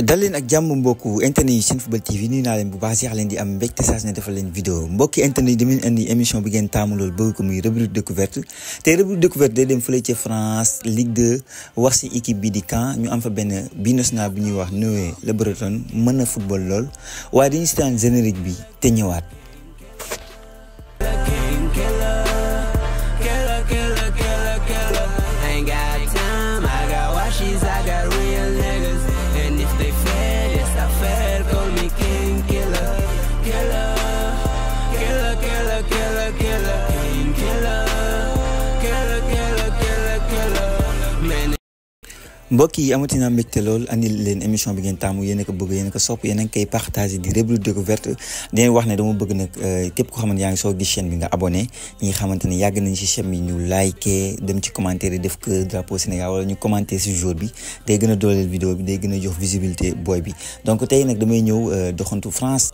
dal leen ak jàmm mbokk internet yi seen football TV nuyu naa leen bu baax si leen di am mbégte saa su ne defal leen vidéo mbokki internet yi damañ indi émission bi ngeen taamu loolu bëgg ko muy rubrique découverte te rubrique découverte day dem fële ci France Ligue 2 wax si équipe bi di Caen ñu am fa benn bi national bu ñuy wax Noé Le Breton mën a football lool waaye dañuy seetaan générique bi te ñëwaat. mbokk yi amati naa mbégte lool andil leen émission bi ngeen taamu yéen a ko bëgg yéen a ko sopp yéen a ngi koy partagé di Rebloz découverte dinañ wax ne dama bëgg nag euh, képp ko xamante yaa ngi soo gis chaîne bi nga abonné ñi nga xamante ne yàgg nañ si chaîne bi ñu liké dem ci commentaire yi def que drapeau Sénégal wala ñu commenté si jour bi day gën a dooleel vidéo bi day gën a jox visibilité boy bi donc tey nag damay ñëw euh, doxantu France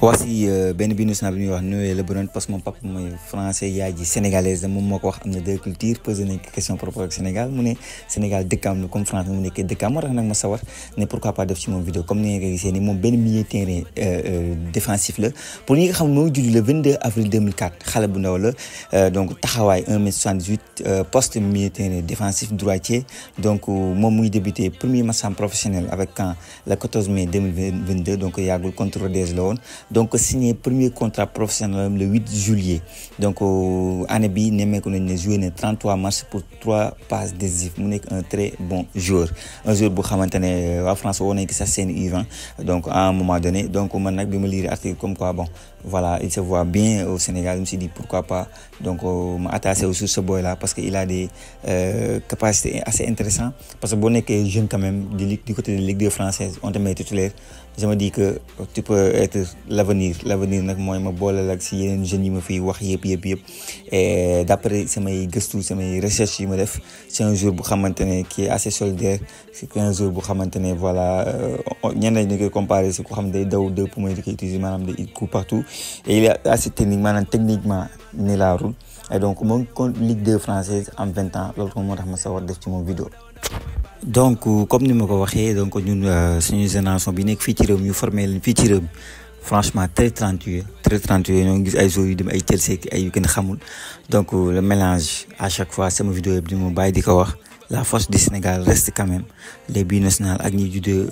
wax si euh, benn bi national bi ñuy wax Noël Le Brun parce que moom papa mooy français yaay ji sénégalaise moom moo ko wax am na deux cultures posé nañ question par rapport Sénégal mu ne Sénégal dëkk am comme France mu nekkee dëkkaam moo tax nag ma sawar ne pourquoi pas def ci moom vidéo comme ni nga gisee ni moom benn milieu terrain euh, euh, défensif la pour ñi nga xam le 22 avril 2004 xale bu ndaw la euh, donc taxawaay 1 mètre 78 poste milieu terrain défensif droitier donc moom muy débuté premier match professionnel avec Caen le 14 mai 2022 donc yàggul contre Rodez la donc signé premier contrat professionnel le 8 juillet donc année bi nemmeeku nañ ne joué na 33 matchs pour 3 passes décisives mu nekk un très bon jour. un jour, bu xamante euh, wa France woo nañ sa sa scène donc à un moment donné donc man nak de ma lire article comme quoi bon voilà il se voit bien au Sénégal je me suis dit pourquoi pas donc euh, ma attaché wu ce boy là parce qu'il a des euh, capacités assez intéressantes parce que boo que jeune quand même du côté de Ligue de française on te met titulaire je me dis que tu peux être l'avenir l'avenir nak moy ma me la ak si yeneen jeune yi ma fi wax yëpp yëpp et d'après samay c'est samay recherche yi ma def c'est un jour, bu xamante qui est assez solide Fall guerre c' est bu xamante voilà euh, ñenn ñi koy comparer ci ko xam day daw deux pour moi koy utiliser maanaam day coup partout et il est assez technique manam techniquement ni la roule et donc mon Ligue 2 française en 20 ans lolu moom moo tax ma sawar def ci mon vidéo donc euh, comme ni ma ko waxee donc ñun euh, suñu génération bi nek fi ci réew ñu formé leen fi ci réew franchement très talentueux très talentueux ñu gis ay joueurs yu dem ay Chelsea ay yu kenn xamul donc le mélange à chaque fois c'est sama vidéo yëpp di ma bàyyi di ko wax la force du Sénégal reste quand même les buts binationales ak ñi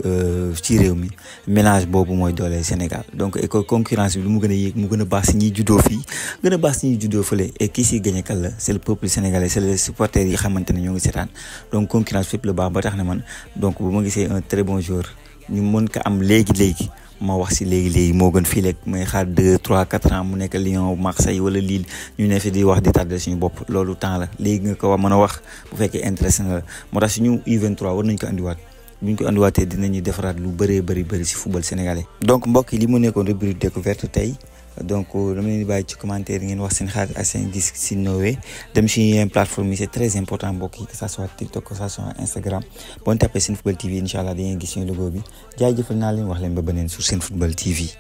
euh ci réew mi mélange bobu moy doole Sénégal donc et que concurrence bi lu mu gëna yéek mu gëna baax si ñuy juddoo fii gën baax si ñuy juddoo fële et kii si gagné kan la c' le peuple sénégalais c'est les supporters yi xamante ne ñoo ngi sétane donc concurrence fépp le baax ba tax na man donc bu ma gisee un très bon joueur ñu mën ko am légui légui ma wax si léegi-léegi moo gën fii lekk may xaar deux trois quatre ans mu nekk Lyon Marseille wala Lille ñu ne fi di wax di tardé suñu bopp loolu temps la léegi nga ko mën a wax bu fekkee intéressé na la moo tax suñu U23 war nañ ko andiwaat buñ ko dina ñu defaraat lu bëree bëri bëri si football sénégalais. donc mbokk yi li mu nekkoon rubrique découverte tey. donc euh, dama leen di bàyyi ci commentaire ngeen wax seen xaar ak seen gis si Noé dem si yeneen plateforme yi c'est très important mbokk yi que ça soit TikTok que ça soit Instagram bon tapé seen football TV incha allah da ngeen gis seen logo bi jaajëfal naa leen wax leen ba beneen sur seen football TV.